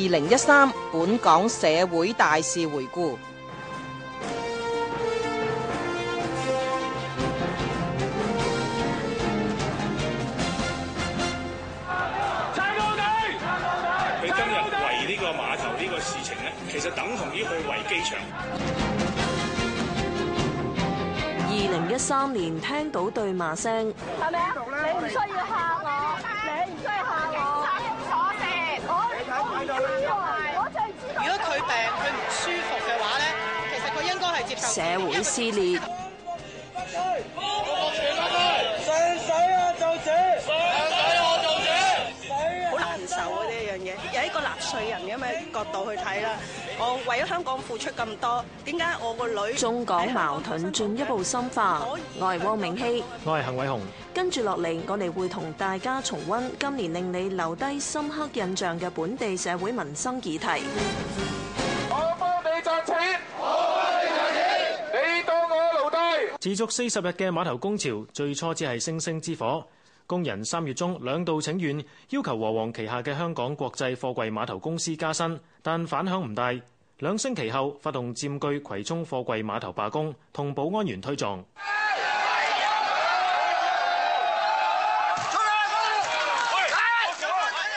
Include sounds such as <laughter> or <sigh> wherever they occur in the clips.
二零一三，本港社會大事回顧。撐我哋！佢今日圍呢個碼頭呢個事情呢，其實等同於去圍機場。二零一三年聽到對罵聲，係咪啊？你唔需要喊。社會撕裂，洗洗我做主，洗好難受啊！呢樣嘢，由一個納稅人咁嘅角度去睇啦，我為咗香港付出咁多，點解我個女？中港矛盾進一步深化。我係汪明熙，我係陳偉雄。跟住落嚟，我哋會同大家重溫今年令你留低深刻印象嘅本地社會民生議題。持續四十日嘅碼頭工潮，最初只係星星之火。工人三月中兩度請願，要求和黃旗下嘅香港國際貨櫃碼頭公司加薪，但反響唔大。兩星期後，發動佔據葵涌貨櫃碼頭罷工，同保安員推撞。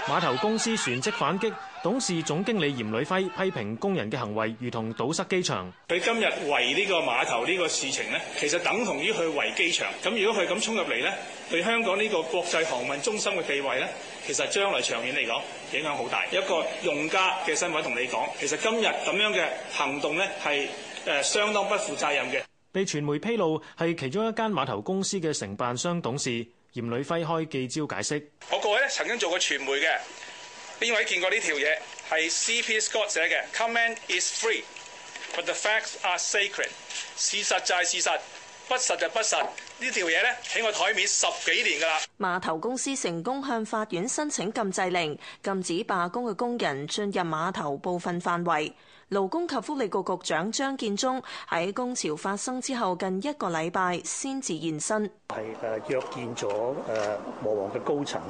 碼頭公司旋即反擊。董事總經理嚴磊輝批評工人嘅行為如同堵塞機場。佢今日圍呢個碼頭呢個事情呢，其實等同於去圍機場咁，如果佢咁衝入嚟呢，對香港呢個國際航運中心嘅地位呢，其實將來長遠嚟講影響好大。一個用家嘅身份同你講，其實今日咁樣嘅行動呢係誒相當不負責任嘅。被傳媒披露係其中一間碼頭公司嘅承辦商董事嚴磊輝開記招解釋我個位咧，曾經做過傳媒嘅邊位見過呢條嘢？係 C.P.Scott 寫嘅。Comment is free, but the facts are sacred。事實就係事實，不實就不實。呢條嘢咧喺我台面十幾年㗎啦。碼頭公司成功向法院申請禁制令，禁止罷工嘅工人進入碼頭部分範圍。勞工及福利局局長張建宗喺工潮發生之後近一個禮拜先至現身，係誒約見咗誒，和黃嘅高層，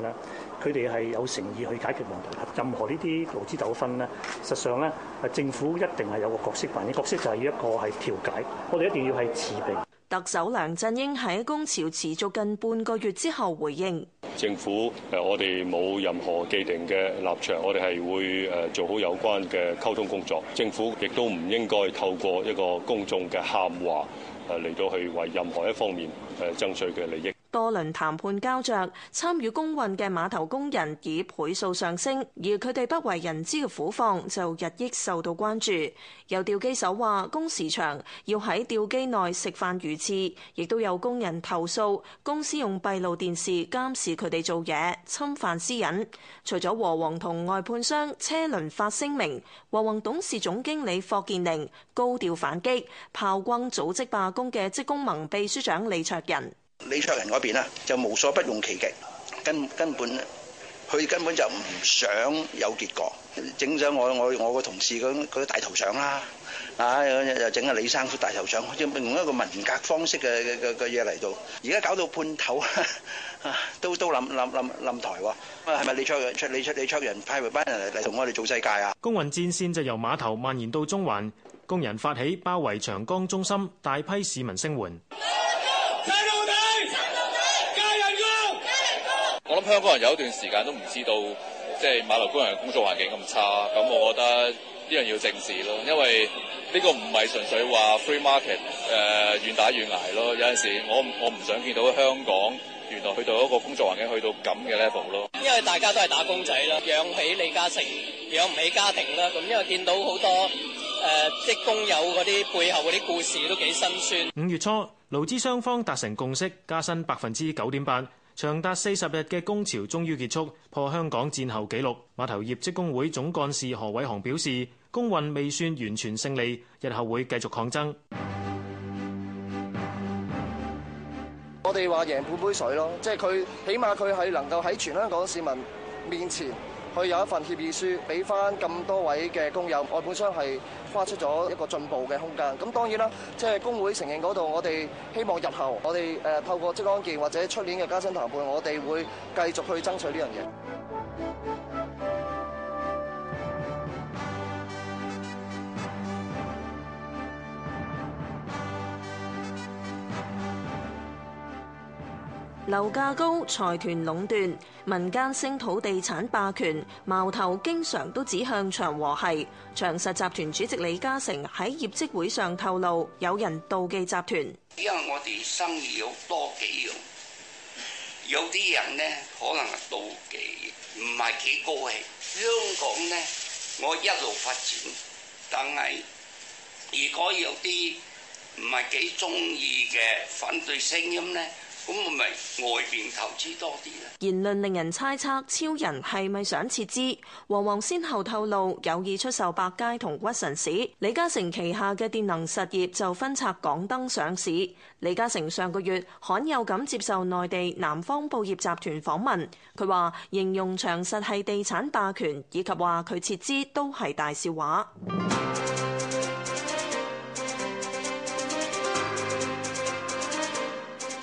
佢哋係有誠意去解決問題。任何呢啲勞資糾紛咧，實際上咧，誒政府一定係有個角色扮演，角色就係要一個係調解，我哋一定要係持平。特首梁振英喺工潮持續近半個月之後回應，政府誒，我哋冇任何既定嘅立場，我哋係會誒做好有關嘅溝通工作。政府亦都唔應該透過一個公眾嘅喊話誒嚟到去為任何一方面誒爭取嘅利益。多輪談判膠着，參與工運嘅碼頭工人以倍數上升，而佢哋不為人知嘅苦況就日益受到關注。有吊機手話工時長，要喺吊機內食飯如廁，亦都有工人投訴公司用閉路電視監視佢哋做嘢，侵犯私隱。除咗和黃同外判商車輪發聲明，和黃董事總經理霍建寧高調反擊，炮轟組織罷工嘅職工盟秘書長李卓人。李卓人嗰邊啦，就無所不用其極，根根本佢根本就唔想有結果，整咗我我我個同事嗰嗰大頭相啦，啊又整下李生嗰大頭像，啊，用一個文革方式嘅嘅嘅嘢嚟做。而家搞到半頭，都都冧冧冧冧台喎，係咪李卓李卓李卓人派埋班人嚟同我哋做世界啊？工運戰線就由碼頭蔓延到中環，工人發起包圍長江中心，大批市民聲援。我諗香港人有一段時間都唔知道，即係碼頭工人嘅工作環境咁差，咁我覺得呢樣要正視咯，因為呢個唔係純粹話 free market 誒，願打願捱咯。有陣時我我唔想見到香港原來去到一個工作環境去到咁嘅 level 咯。因為大家都係打工仔啦，養起李嘉誠，養唔起家庭啦。咁因為見到好多誒，啲工友嗰啲背後嗰啲故事都幾辛酸。五月初，勞資雙方達成共識，加薪百分之九點八。長達四十日嘅工潮終於結束，破香港戰後紀錄。碼頭業職工會總幹事何偉航表示，工運未算完全勝利，日後會繼續抗爭。我哋話贏半杯水咯，即係佢，起碼佢係能夠喺全香港市民面前。去有一份協議書俾翻咁多位嘅工友，我本身係花出咗一個進步嘅空間。咁當然啦，即係工會承認嗰度，我哋希望日後我哋誒透過職安健或者出年嘅加薪談判，我哋會繼續去爭取呢樣嘢。樓價高、財團壟斷、民間升土地產霸權，矛頭經常都指向長和系。長實集團主席李嘉誠喺業績會上透露，有人妒忌集團。因為我哋生意有多幾樣，有啲人呢可能係妒忌，唔係幾高興。香港呢，我一路發展，但係如果有啲唔係幾中意嘅反對聲音呢。咁唔係外邊投資多啲言論，令人猜測超人係咪想撤資。和黃先後透露有意出售百佳同屈臣氏，李嘉誠旗下嘅電能實業就分拆港燈上市。李嘉誠上個月罕有咁接受內地南方報業集團訪問，佢話形容長實係地產霸權，以及話佢撤資都係大笑話。 <music>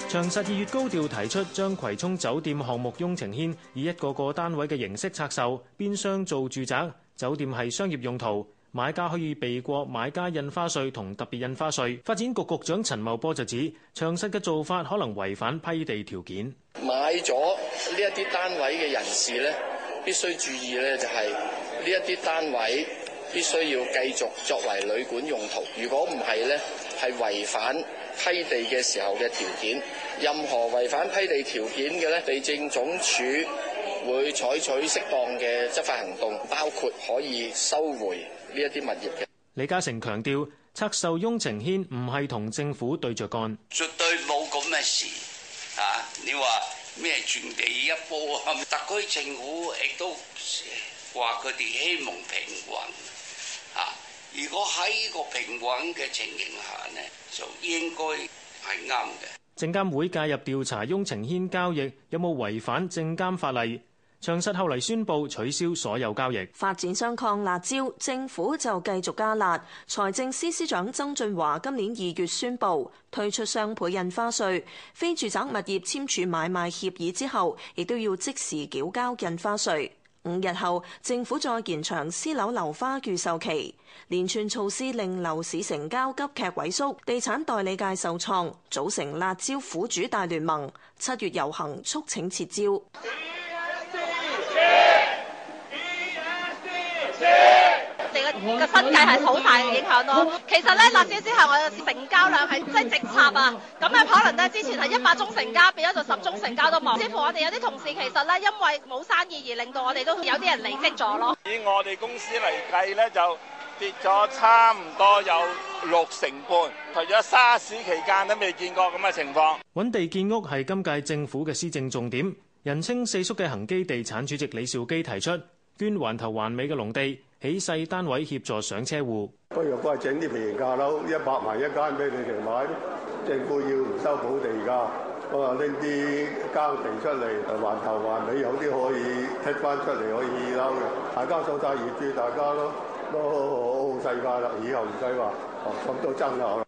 長實二月高調提出將葵涌酒店項目雍澄軒，以一個個單位嘅形式拆售，變相做住宅，酒店係商業用途，買家可以避過買家印花稅同特別印花稅。發展局局長陳茂波就指，長實嘅做法可能違反批地條件。買咗呢一啲單位嘅人士呢，必須注意呢就係呢一啲單位必須要繼續作為旅館用途。如果唔係呢，係違反。批地嘅時候嘅條件，任何違反批地條件嘅咧，地政總署會採取適當嘅執法行動，包括可以收回呢一啲物業嘅。李嘉誠強調，拆售雍澄軒唔係同政府對着幹，絕對冇咁嘅事啊！你話咩轉地一波啊？特區政府亦都話佢哋希望平穩。如果喺呢個平穩嘅情形下呢，就應該係啱嘅。證監會介入調查雍澄軒交易有冇違反證監法例，長實後嚟宣布取消所有交易。發展商抗辣招，政府就繼續加辣。財政司司長曾俊華今年二月宣布推出雙倍印花稅，非住宅物業簽署買賣協議之後，亦都要即時繳交印花稅。五日後，政府再延長私樓樓花預售期，連串措施令樓市成交急劇萎縮，地產代理界受創，組成辣招苦主大聯盟。七月遊行促請撤招。個新界係好大嘅影響咯，其實咧，落市之後，我哋成交量係真係直插啊！咁啊，可能咧，之前係一百宗成交，變咗做十宗成交都冇。甚至乎我哋有啲同事，其實咧，因為冇生意而令到我哋都有啲人離職咗咯。以我哋公司嚟計咧，就跌咗差唔多有六成半，除咗沙士期間都未見過咁嘅情況。揾地建屋係今屆政府嘅施政重點。人稱四叔嘅恒基地產主席李兆基提出，捐環頭環尾嘅農地。起細單位協助上車戶，不如我係整啲平價樓一百萬一間俾你哋買，政府要唔收補地價噶，我話拎啲郊地出嚟，還頭還尾有啲可以剔翻出嚟可以撈嘅，大家掃晒，業主大家咯，都好好世界啦，以後唔使話哦咁都爭啦。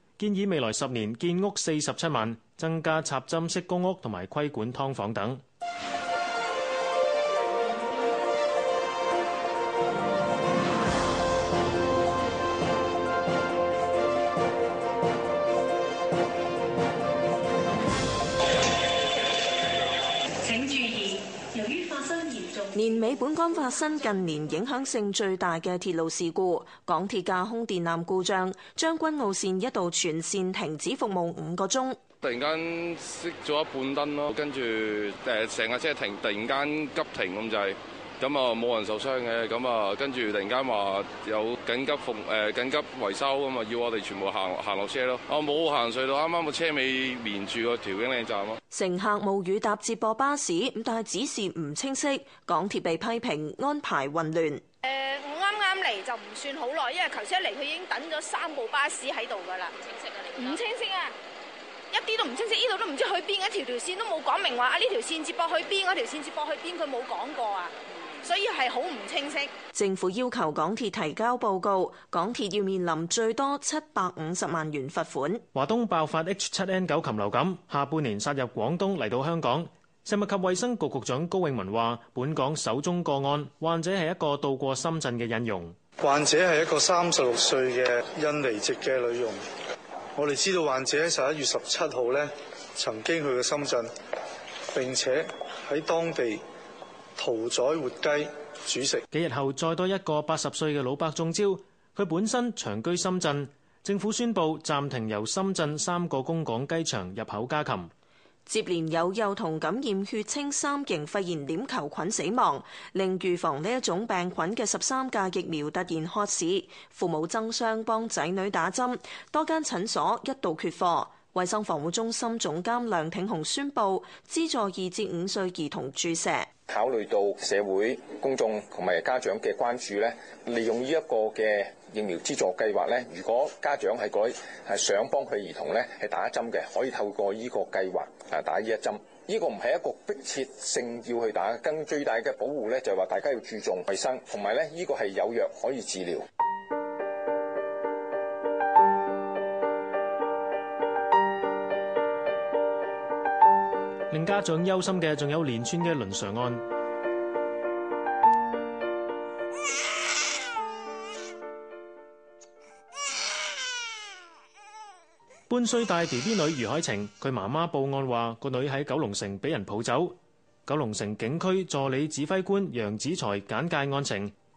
建議未來十年建屋四十七萬，增加插針式公屋同埋規管劏房等。.美本港發生近年影響性最大嘅鐵路事故，港鐵架空電纜故障，將軍澳線一度全線停止服務五個鐘。突然間熄咗一半燈咯，跟住誒成架車停，突然間急停咁就係。咁啊，冇人受傷嘅。咁啊，跟住突然間話有緊急服誒緊急維修咁嘛，要我哋全部行行落車咯。我冇行隧道，啱啱個車尾連住個調景嶺站咯。乘客冒雨搭接駁巴士咁，但係指示唔清晰，港鐵被批評安排混亂。誒、呃，我啱啱嚟就唔算好耐，因為頭先一嚟佢已經等咗三部巴士喺度㗎啦。唔清晰啊！唔清晰啊！一啲都唔清晰，呢度都唔知去邊一條條線都冇講明話啊！呢條線接駁去邊，嗰條線接駁去邊，佢冇講過啊！所以係好唔清晰。政府要求港鐵提交報告，港鐵要面臨最多七百五十萬元罰款。華東爆發 H 七 N 九禽流感，下半年殺入廣東嚟到香港。食物及衛生局局長高永文話，本港首宗個案患者係一個到過深圳嘅印傭。患者係一個三十六歲嘅印尼籍嘅女傭。我哋知道患者喺十一月十七號咧，曾經去過深圳，並且喺當地。屠宰活雞煮食，幾日後再多一個八十歲嘅老伯中招。佢本身長居深圳，政府宣布暫停由深圳三個供港雞場入口家禽。接連有幼童感染血清三型肺炎鏈球菌死亡，令預防呢一種病菌嘅十三價疫苗突然缺市。父母爭相幫仔女打針，多間診所一度缺貨。衛生防護中心總監梁挺雄宣布資助二至五歲兒童注射。考慮到社會公眾同埋家長嘅關注咧，利用呢一個嘅疫苗資助計劃咧，如果家長係改係想幫佢兒童咧係打針嘅，可以透過呢個計劃啊打呢一針。呢個唔係一個迫切性要去打，更最大嘅保護咧就係話大家要注重衛生，同埋咧呢個係有藥可以治療。令家長憂心嘅，仲有連串嘅倫常案。半歲大 BB 女余海晴，佢媽媽報案話，個女喺九龍城俾人抱走。九龍城警區助理指揮官楊子才簡介案情。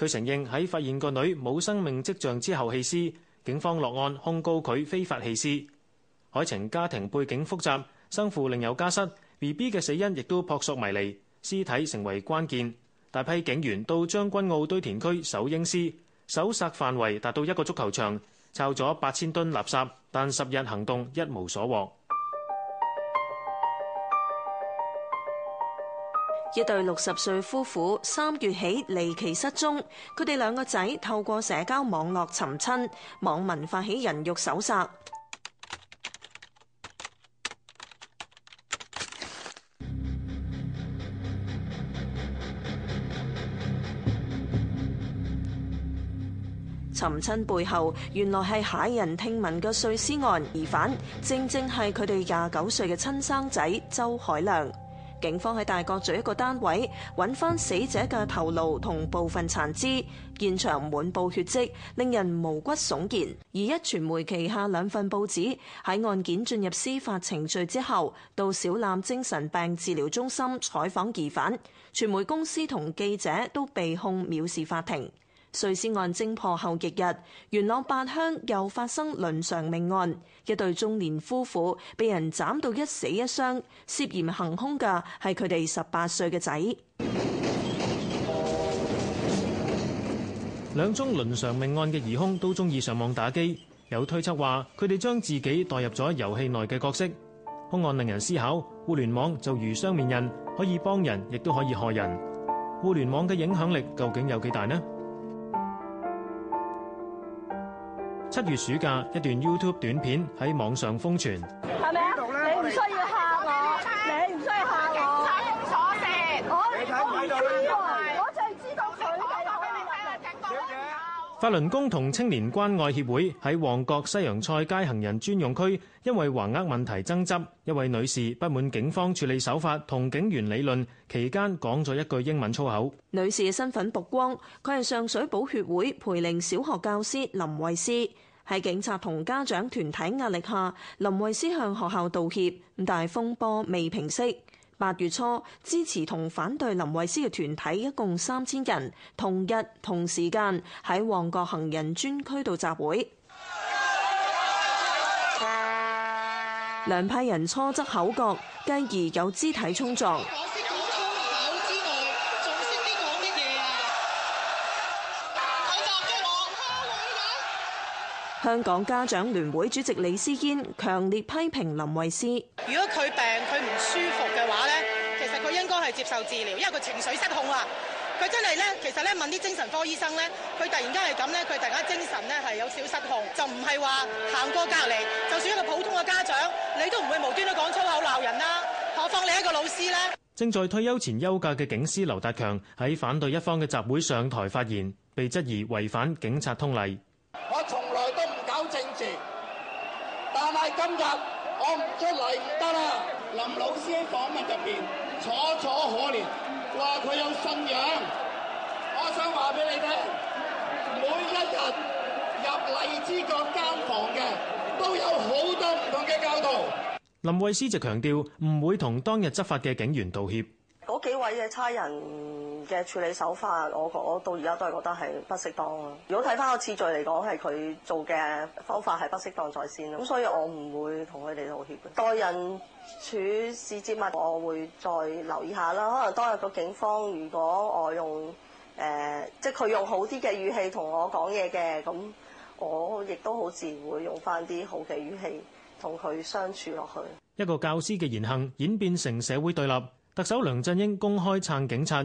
佢承認喺發現個女冇生命跡象之後棄屍，警方落案控告佢非法棄屍。海情家庭背景複雜，生父另有家室，B B 嘅死因亦都撲朔迷離，屍體成為關鍵。大批警員到將軍澳堆填區搜嬰屍，搜索範圍達到一個足球場，抄咗八千噸垃圾，但十日行動一無所獲。一對六十歲夫婦三月起離奇失蹤，佢哋兩個仔透過社交網絡尋親，網民發起人肉搜索。尋親背後原來係駭人聽聞嘅碎屍案疑犯，正正係佢哋廿九歲嘅親生仔周海亮。警方喺大角咀一個單位揾返死者嘅頭顱同部分殘肢，現場滿布血跡，令人毛骨悚然。而壹傳媒旗下兩份報紙喺案件進入司法程序之後，到小欖精神病治療中心採訪疑犯，傳媒公司同記者都被控藐視法庭。瑞士案偵破後翌日，元朗八鄉又發生倫常命案，一對中年夫婦被人斬到一死一傷，涉嫌行凶嘅係佢哋十八歲嘅仔。兩宗倫常命案嘅疑凶都中意上網打機有推測話佢哋將自己代入咗遊戲內嘅角色。凶案令人思考，互聯網就如雙面人，可以幫人，亦都可以害人。互聯網嘅影響力究竟有幾大呢？七月暑假，一段 YouTube 短片喺網上瘋傳，係咪啊？你唔需要吓。法輪功同青年關愛協會喺旺角西洋菜街行人專用區，因為橫額問題爭執。一位女士不滿警方處理手法，同警員理論期間講咗一句英文粗口。女士嘅身份曝光，佢係上水寶血會培靈小學教師林慧思。喺警察同家長團體壓力下，林慧思向學校道歉。但係風波未平息。八月初，支持同反對林慧思嘅團體一共三千人，同日同時間喺旺角行人專區度集會。兩 <laughs> 派人初則口角，繼而有肢體衝撞。香港家長聯會主席李思堅強烈批評林慧思：「如果佢病佢唔舒服嘅話呢，其實佢應該係接受治療，因為佢情緒失控啊！佢真係咧，其實咧，問啲精神科醫生咧，佢突然間係咁咧，佢突然間精神咧係有少失控，就唔係話行過隔離。就算一個普通嘅家長，你都唔會無端都講粗口鬧人啦、啊，何況你一個老師呢？正在退休前休假嘅警司劉達強喺反對一方嘅集會上台發言，被質疑違反警察通例。今日我唔出嚟得啦。林老師喺訪問入面，楚楚可憐，話佢有信仰。我想話俾你聽，每一日入荔枝角監房嘅，都有好多唔同嘅教徒。林慧思就強調，唔會同當日執法嘅警員道歉。嗰幾位嘅差人，嘅處理手法，我我到而家都係覺得係不適當咯。如果睇翻個次序嚟講，係佢做嘅方法係不適當在先咯。咁所以我唔會同佢哋道歉嘅。待人處事接物，我會再留意一下啦。可能當日個警方，如果我用誒、呃，即係佢用好啲嘅語氣同我講嘢嘅，咁我亦都好自然會用翻啲好嘅語氣同佢相處落去。一個教師嘅言行演變成社會對立，特首梁振英公開撐警察。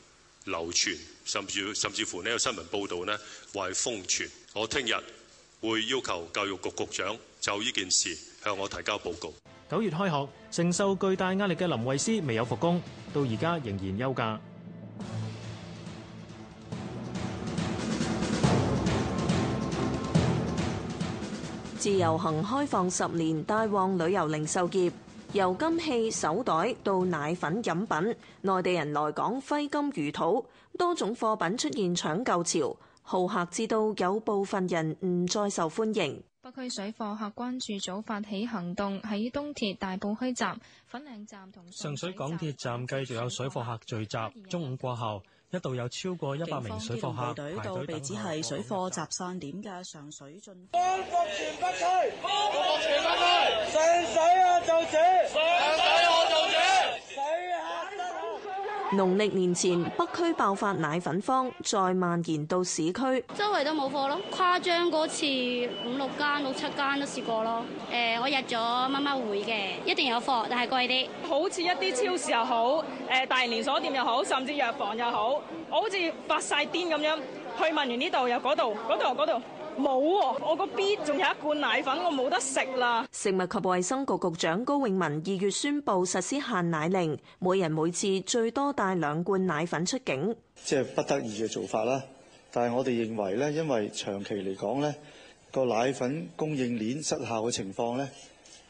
流傳，甚至甚至乎呢個新聞報導呢，為瘋傳。我聽日會要求教育局局長就呢件事向我提交報告。九月開學，承受巨大壓力嘅林慧思未有復工，到而家仍然休假。自由行開放十年，帶旺旅遊零售業。由金器手袋到奶粉飲品，內地人來港揮金如土，多種貨品出現搶購潮，豪客至到有部分人唔再受歡迎。北區水貨客關注組發起行動，喺東鐵大埔墟站、粉嶺站同上水港鐵站繼續有水貨客聚集。中午過後，一度有超過一百名水貨客隊到被指係水貨集散點嘅上水進。農曆年前北區爆發奶粉荒，再蔓延到市區，周圍都冇貨咯。誇張嗰次五六間、六間六七間都試過咯。誒，我入咗媽媽會嘅，一定有貨，但係貴啲。好似一啲超市又好，誒，大型連鎖店又好，甚至藥房又好，我好似發晒癲咁樣，去問完呢度又嗰度，嗰度嗰度。冇喎、啊，我個 B 仲有一罐奶粉，我冇得食啦。食物及衛生局局長高永文二月宣布實施限奶令，每人每次最多帶兩罐奶粉出境。即係不得已嘅做法啦。但係我哋認為咧，因為長期嚟講咧，個奶粉供應鏈失效嘅情況咧，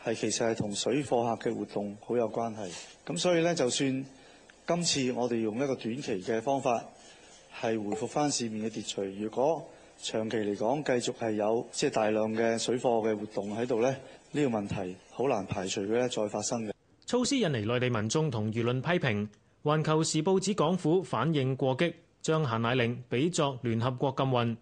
係其實係同水貨客嘅活動好有關係。咁所以咧，就算今次我哋用一個短期嘅方法係回復翻市面嘅秩序，如果長期嚟講，繼續係有即係大量嘅水貨嘅活動喺度咧，呢、這個問題好難排除嘅咧，再發生嘅措施引嚟內地民眾同輿論批評。《環球時報》指港府反應過激，將限奶令比作聯合國禁運，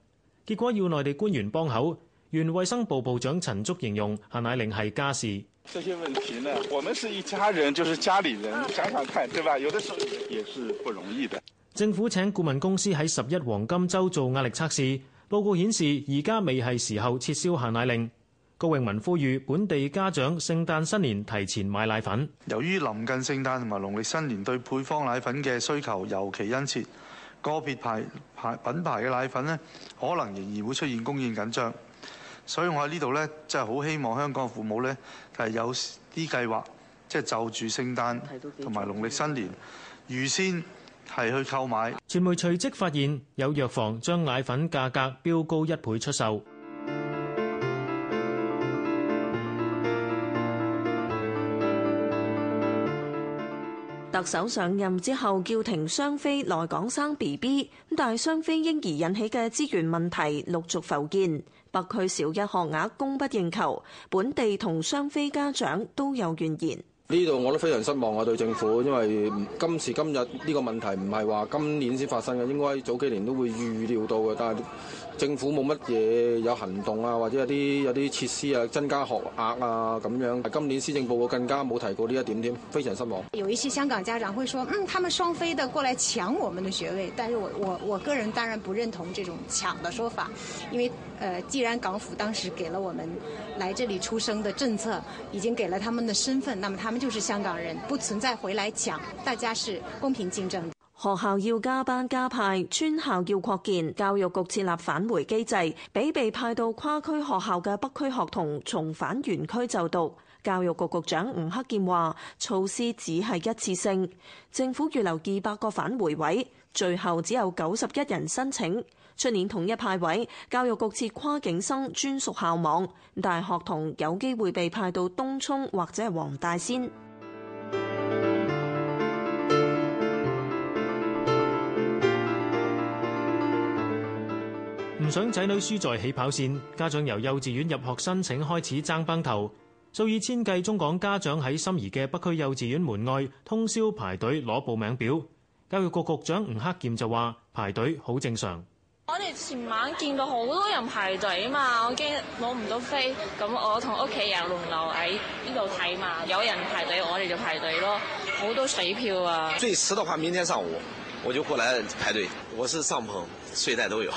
結果要內地官員幫口。原衛生部部長陳竺形容限奶令係家事。這些問題呢？我們是一家人，就是家裏人，想想看，對吧？有的時候也是不容易的。政府請顧問公司喺十一黃金周做壓力測試。報告顯示，而家未係時候撤銷限奶令。高永文呼籲本地家長聖誕新年提前買奶粉。由於臨近聖誕同埋農曆新年，對配方奶粉嘅需求尤其殷切，個別牌牌品牌嘅奶粉呢，可能仍然會出現供應緊張。所以我喺呢度呢，真係好希望香港父母呢係有啲計劃，即係就住聖誕同埋農曆新年預先。係去購買，傳媒隨即發現有藥房將奶粉價格標高一倍出售。特首上任之後叫停雙非來港生 B B，但係雙非嬰兒引起嘅資源問題陸續浮現，北區小一學額供不應求，本地同雙非家長都有怨言，言。呢度我都非常失望啊！對政府，因為今時今日呢個問題唔係話今年先發生嘅，應該早幾年都會預料到嘅。但係政府冇乜嘢有行動啊，或者有啲有啲設施啊增加學額啊咁樣。今年施政報告更加冇提過呢一點點，非常失望。有一些香港家長會說，嗯，他們雙非的過來搶我們的學位。但是我我我個人當然不認同這種搶的說法，因為，呃，既然港府當時給了我們來這裡出生的政策，已經給了他們的身份，那麼他們。就是香港人不存在回來搶，大家是公平競爭。學校要加班加派，村校要擴建，教育局設立返回機制，俾被，被派到跨區學校嘅北區學童重返原區就讀。教育局局長吳克儉話：措施只係一次性，政府預留二百個返回位，最後只有九十一人申請。出年統一派位，教育局設跨境生專屬校網，大學同有機會被派到東涌或者係黃大仙。唔想仔女輸在起跑線，家長由幼稚園入學申請開始爭崩頭。數以千計中港家長喺心儀嘅北區幼稚園門外通宵排隊攞報名表。教育局局長吳克儉就話：排隊好正常。我哋前晚見到好多人排隊啊嘛，我驚攞唔到飛，咁我同屋企人輪流喺呢度睇嘛，有人排隊我哋就排隊咯，好多水票啊！最遲的話，明天上午我就過來排隊。我是帳篷、睡袋都有，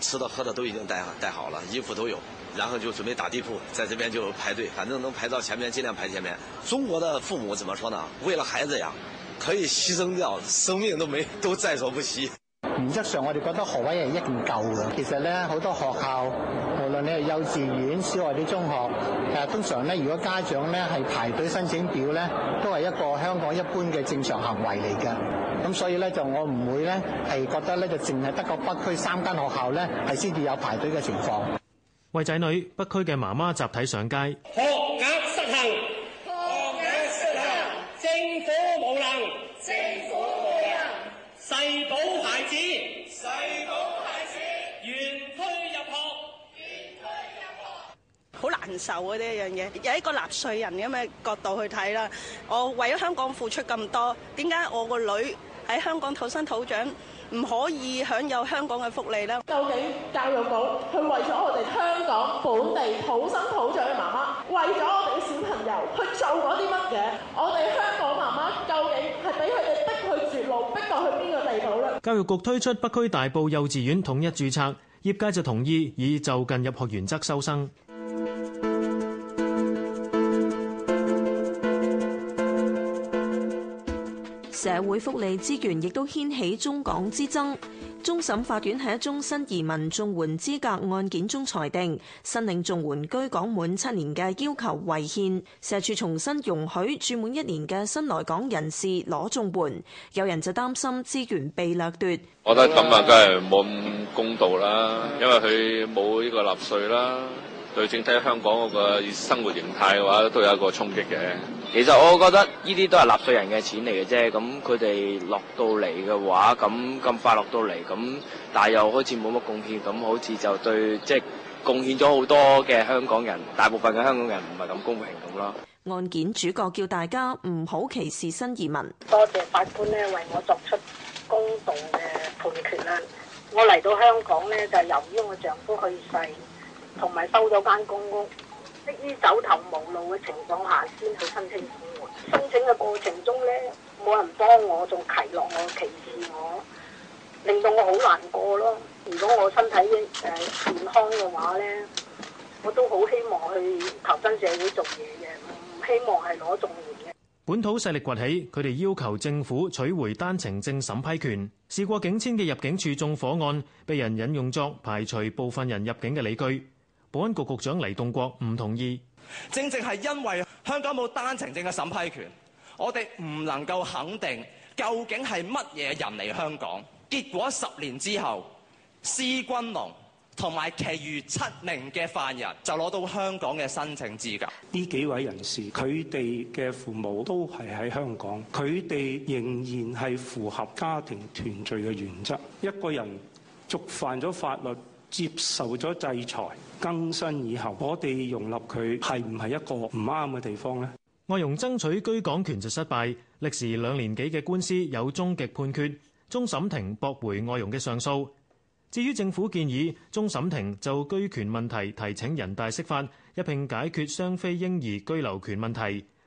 吃的喝的都已經帶帶好了，衣服都有，然後就準備打地鋪，在這邊就排隊，反正能排到前面，盡量排前面。中國的父母怎麼說呢？為了孩子呀，可以犧牲掉生命，都沒都在所不惜。原則上，我哋覺得學位係一定夠嘅。其實咧，好多學校，無論你係幼稚園、小學、定中學，誒通常咧，如果家長咧係排隊申請表咧，都係一個香港一般嘅正常行為嚟嘅。咁所以咧，就我唔會咧係覺得咧，就淨係得個北區三間學校咧係先至有排隊嘅情況。為仔女，北區嘅媽媽集體上街。學額失衡，學額失衡，政府無能，政府無能，世保。好難受啊，呢一樣嘢，有一個納稅人咁嘅角度去睇啦。我為咗香港付出咁多，點解我個女喺香港土生土長，唔可以享有香港嘅福利呢？究竟教育局佢為咗我哋香港本地土生土長嘅媽媽，為咗我哋小朋友去做過啲乜嘢？我哋香港媽媽究竟係俾佢哋逼去絕路，逼到去邊個地步呢？教育局推出北區大埔幼稚園統一註冊，業界就同意以就近入學原則收生。社會福利資源亦都掀起中港之爭。終審法院喺一宗新移民綜援資格案件中裁定，申領綜援居港滿七年嘅要求違憲，社署重新容許住滿一年嘅新來港人士攞綜援。有人就擔心資源被掠奪。我覺得咁啊，梗係冇咁公道啦，因為佢冇呢個納稅啦。對整體香港嗰個生活形態嘅話，都有一個衝擊嘅。其實我覺得呢啲都係納稅人嘅錢嚟嘅啫。咁佢哋落到嚟嘅話，咁咁快落到嚟，咁但係又好似冇乜貢獻，咁好似就對即係貢獻咗好多嘅香港人，大部分嘅香港人唔係咁公平咁咯。案件主角叫大家唔好歧視新移民。多謝法官呢，為我作出公道嘅判決啦。我嚟到香港呢，就由於我丈夫去世，同埋收咗間公屋，迫於走投無路嘅情況下，先去申請綜援。申請嘅過程中咧，冇人幫我，仲奚落我、歧視我，令到我好難過咯。如果我身體誒健康嘅話咧，我都好希望去投身社會做嘢嘅，唔希望係攞綜援嘅。本土勢力崛起，佢哋要求政府取回單程證審批權。事過境遷嘅入境處縱火案，被人引用作排除部分人入境嘅理據。保安局局長黎棟國唔同意，正正係因為香港冇單程證嘅審批權，我哋唔能夠肯定究竟係乜嘢人嚟香港。結果十年之後，施君龍同埋其餘七名嘅犯人就攞到香港嘅申請資格。呢幾位人士，佢哋嘅父母都係喺香港，佢哋仍然係符合家庭團聚嘅原則。一個人觸犯咗法律。接受咗制裁更新以後，我哋融入佢係唔係一個唔啱嘅地方咧？外傭爭取居港權就失敗歷時兩年幾嘅官司有終極判決終審庭駁回外傭嘅上訴。至於政府建議終審庭就居權問題提請人大釋法，一并解決雙非嬰兒居留權問題。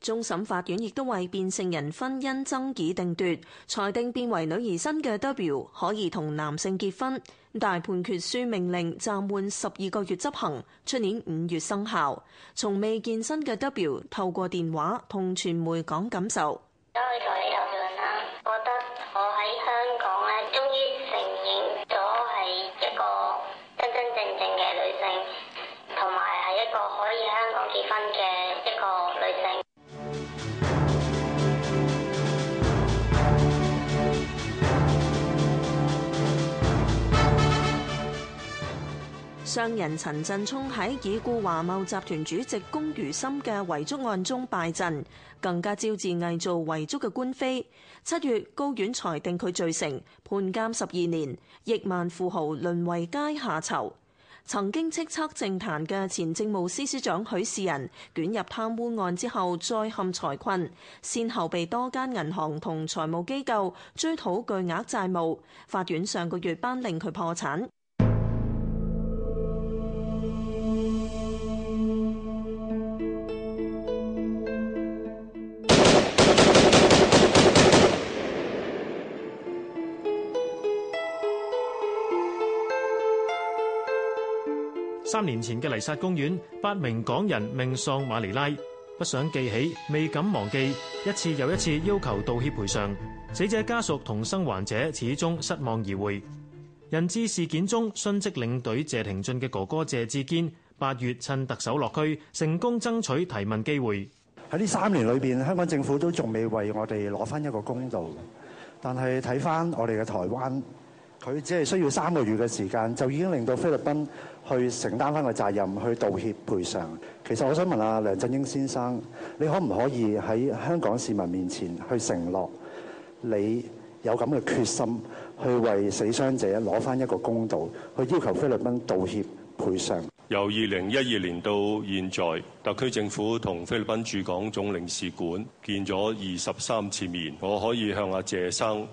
終審法院亦都為變性人婚姻爭議定奪，裁定變為女兒身嘅 W 可以同男性結婚。大判決書命令暫緩十二個月執行，出年五月生效。從未見身嘅 W 透過電話同傳媒講感受。 <music> 商人陳振聰喺已故華懋集團主席龔如心嘅遺囑案中敗陣，更加招致偽造遺囑嘅官非。七月，高院裁定佢罪成，判監十二年，億萬富豪淪為階下囚。曾經叱咤政壇嘅前政務司司長許仕仁捲入貪污案之後，再陷財困，先後被多間銀行同財務機構追討巨額債務，法院上個月頒令佢破產。三年前嘅黎剎公園，八名港人命喪馬尼拉，不想記起，未敢忘記，一次又一次要求道歉賠償，死者家屬同生還者始終失望而回。人質事件中殉職領隊謝廷駿嘅哥哥謝志堅，八月趁特首落區成功爭取提問機會。喺呢三年裏邊，香港政府都仲未為我哋攞翻一個公道，但係睇翻我哋嘅台灣，佢只係需要三個月嘅時間就已經令到菲律賓。去承擔翻個責任，去道歉賠償。其實我想問啊，梁振英先生，你可唔可以喺香港市民面前去承諾你有咁嘅決心去為死傷者攞翻一個公道，去要求菲律賓道歉賠償？由二零一二年到現在，特區政府同菲律賓駐港總領事館見咗二十三次面。我可以向阿謝生。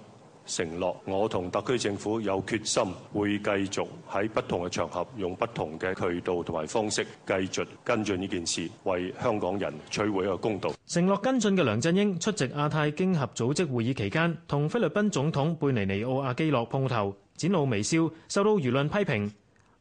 承諾，我同特區政府有決心，會繼續喺不同嘅場合，用不同嘅渠道同埋方式繼續跟進呢件事，為香港人取回個公道。承諾跟進嘅，梁振英出席亞太經合組織會議期間同菲律賓總統貝尼尼奧阿基諾碰頭，展露微笑，受到輿論批評。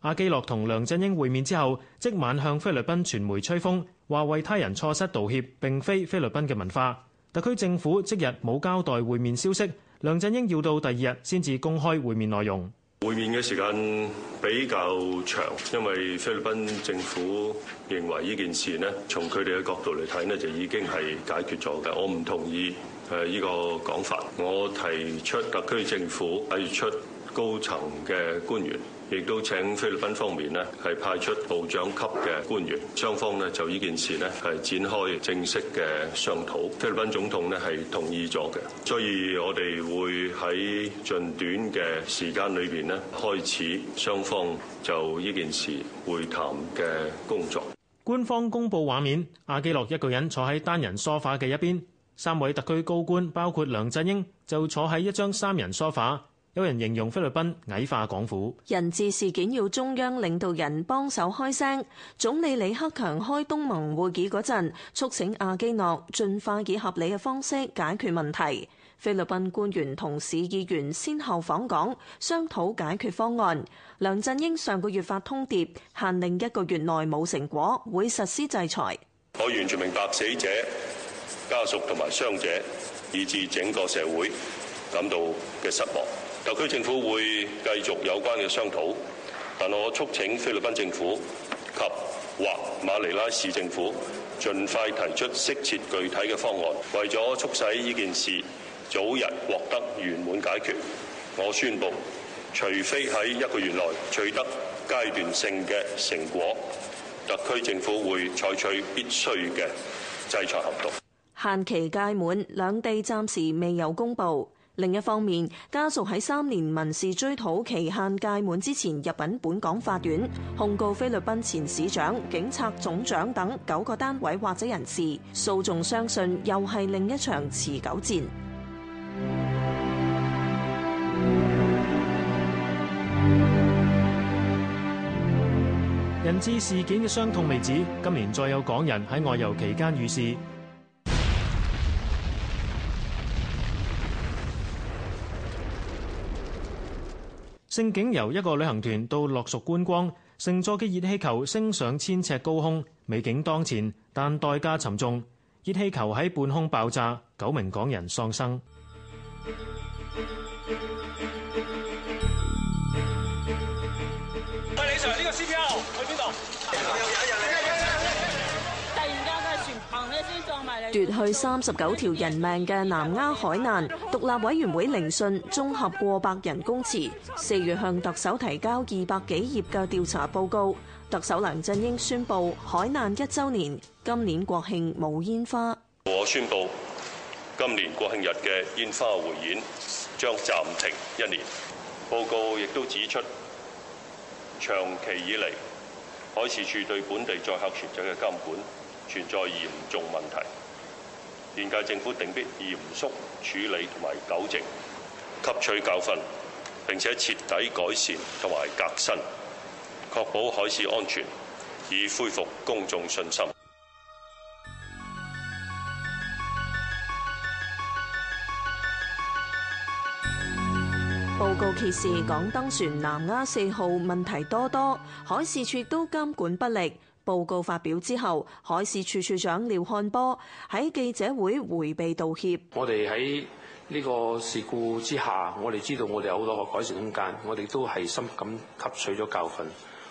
阿基諾同梁振英會面之後即晚向菲律賓傳媒吹風，話為他人錯失道歉並非菲律賓嘅文化。特區政府即日冇交代會面消息。梁振英要到第二日先至公開會面內容。會面嘅時間比較長，因為菲律賓政府認為呢件事咧，從佢哋嘅角度嚟睇咧，就已經係解決咗嘅。我唔同意誒呢個講法，我提出特區政府派出高層嘅官員，亦都請菲律賓方面呢，係派出部長級嘅官員，雙方呢，就呢件事呢，係展開正式嘅商討。菲律賓總統呢，係同意咗嘅，所以我哋會喺盡短嘅時間裏邊呢，開始雙方就呢件事會談嘅工作。官方公布畫面，阿基諾一個人坐喺單人梳化嘅一邊，三位特區高官包括梁振英就坐喺一張三人梳化。有人形容菲律賓矮化港府人質事件要中央領導人幫手開聲。總理李克強開東盟會議嗰陣，促請阿基諾盡快以合理嘅方式解決問題。菲律賓官員同市議員先後訪港，商討解決方案。梁振英上個月發通牒，限令一個月內冇成果，會實施制裁。我完全明白死者家屬同埋傷者，以至整個社會感到嘅失望。特區政府會繼續有關嘅商討，但我促請菲律賓政府及或馬尼拉市政府盡快提出適切具體嘅方案，為咗促使呢件事早日獲得圓滿解決，我宣布，除非喺一個月內取得階段性嘅成果，特區政府會採取必須嘅制裁行動。限期屆滿，兩地暫時未有公布。另一方面，家屬喺三年民事追討期限屆滿之前入禀本港法院控告菲律賓前市長、警察總長等九個單位或者人士，訴訟相信又係另一場持久戰。人質事件嘅傷痛未止，今年再有港人喺外遊期間遇事。正經由一個旅行團到樂蜀觀光，乘坐嘅熱氣球升上千尺高空，美景當前，但代價沉重。熱氣球喺半空爆炸，九名港人喪生。奪去三十九條人命嘅南丫海難獨立委員會聆訊綜合過百人供詞，四月向特首提交二百幾頁嘅調查報告。特首梁振英宣布海難一週年，今年國慶冇煙花。我宣布今年國慶日嘅煙花匯演將暫停一年。報告亦都指出，長期以嚟海事處對本地載客船隻嘅監管存在嚴重問題。現屆政府定必嚴肅處理同埋糾正，吸取教訓，並且徹底改善同埋革新，確保海事安全，以恢復公眾信心。報告揭示，港燈船南丫四號問題多多，海事處都監管不力。報告發表之後，海事處處長廖漢波喺記者會迴避道歉。我哋喺呢個事故之下，我哋知道我哋有好多個改善空間，我哋都係深感吸取咗教訓。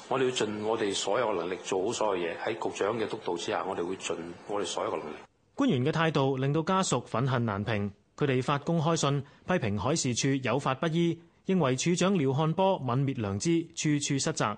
我哋要盡我哋所有能力做好所有嘢。喺局長嘅督導之下，我哋會盡我哋所有嘅能力。官員嘅態度令到家屬憤恨難平，佢哋發公開信批評海事處有法不依，認為處長廖漢波泯滅良知，處處失責。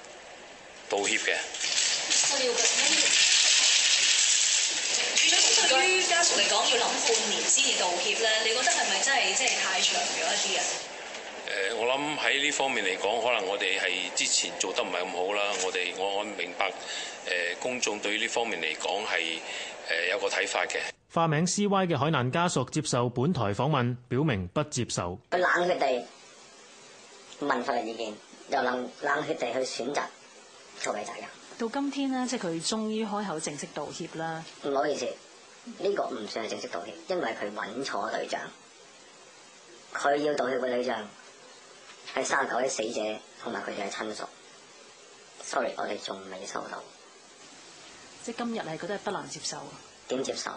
道歉嘅。對於家屬嚟講，要諗半年先至道歉咧，你覺得係咪真係即係太長咗一啲啊？誒，我諗喺呢方面嚟講，可能我哋係之前做得唔係咁好啦。我哋我我明白誒公眾對於呢方面嚟講係誒有個睇法嘅。化名 CY 嘅海難家屬接受本台訪問，表明不接受。佢冷血地問佢嘅意見，由冷冷血地去選擇。錯嘅責任。到今天呢，即係佢終於開口正式道歉啦。唔好意思，呢、這個唔算係正式道歉，因為佢揾錯對象。佢要道歉嘅對象係三十九位死者同埋佢哋嘅親屬。Sorry，我哋仲未收到。即係今日係覺得不能接受。點接受？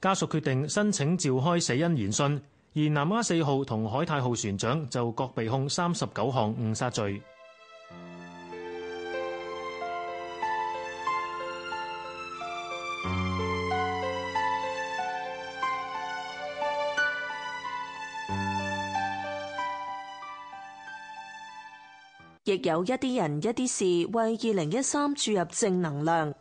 家屬決定申請召開死因研訊，而南丫四號同海泰號船長就各被控三十九項誤殺罪。亦有一啲人，一啲事為二零一三注入正能量。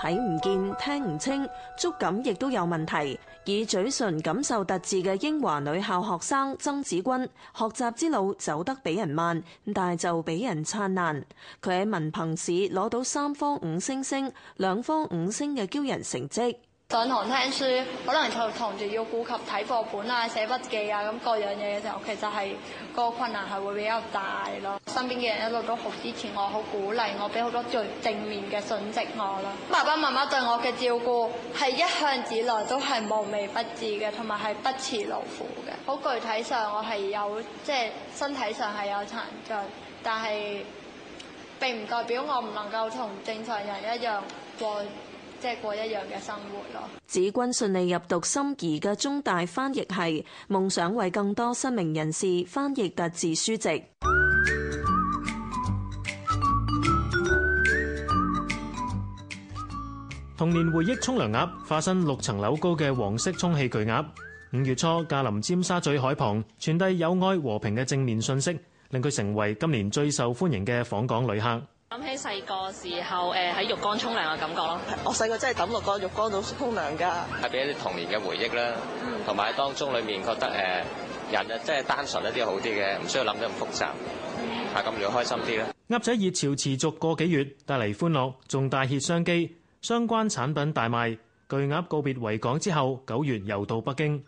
睇唔見、聽唔清，觸感亦都有問題，以嘴唇感受特質嘅英華女校學生曾芷君，學習之路走得比人慢，但係就比人燦爛。佢喺文憑試攞到三科五星星、兩科五星嘅驕人成績。上堂聽書，可能就同住要顧及睇課本啊、寫筆記啊咁各樣嘢嘅時候，其實係個困難係會比較大咯。身邊嘅人一路都好支持我，好鼓勵我，俾好多最正面嘅訊息我咯。爸爸媽媽對我嘅照顧係一向以來都係無微不至嘅，同埋係不辭勞苦嘅。好具體上我是有，我係有即係身體上係有殘障，但係並唔代表我唔能夠同正常人一樣在，即係過一樣嘅生活咯。子君順利入讀心儀嘅中大翻譯系，夢想為更多失明人士翻譯特字書籍。童年回憶：沖涼鴨化身六層樓高嘅黃色充氣巨鴨。五月初駕臨尖沙咀海旁，傳遞友愛和平嘅正面訊息，令佢成為今年最受歡迎嘅訪港旅客。諗起細個時候，誒喺浴缸沖涼嘅感覺咯。我細個真係抌落個浴缸度沖涼噶，係俾一啲童年嘅回憶啦。同埋喺當中裏面覺得，誒人啊，真係單純一啲好啲嘅，唔需要諗得咁複雜，係咁樣開心啲啦。鴨仔熱潮持續個幾月，帶嚟歡樂，仲大揭商機，相關產品大賣。巨鴨告別維港之後，九月又到北京。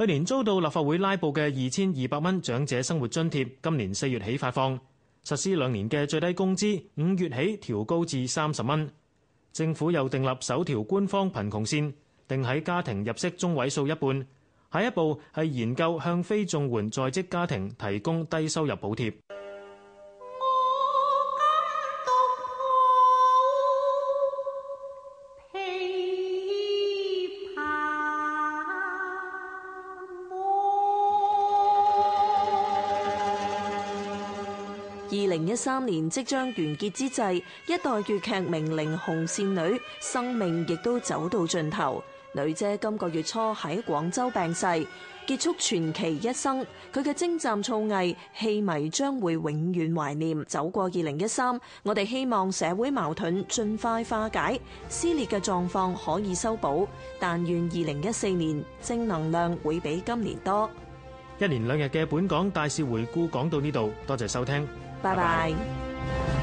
去年遭到立法會拉布嘅二千二百蚊長者生活津貼，今年四月起發放；實施兩年嘅最低工資，五月起調高至三十蚊。政府又訂立首條官方貧窮線，定喺家庭入息中位數一半。下一步係研究向非綜援在職家庭提供低收入補貼。三年即將完結之際，一代粵劇名伶紅線女生命亦都走到盡頭。女姐今個月初喺廣州病逝，結束傳奇一生。佢嘅精湛造詣，戲迷將會永遠懷念。走過二零一三，我哋希望社會矛盾盡快化解，撕裂嘅狀況可以修補。但願二零一四年正能量會比今年多。一連兩日嘅本港大事回顧講到呢度，多謝收聽。拜拜。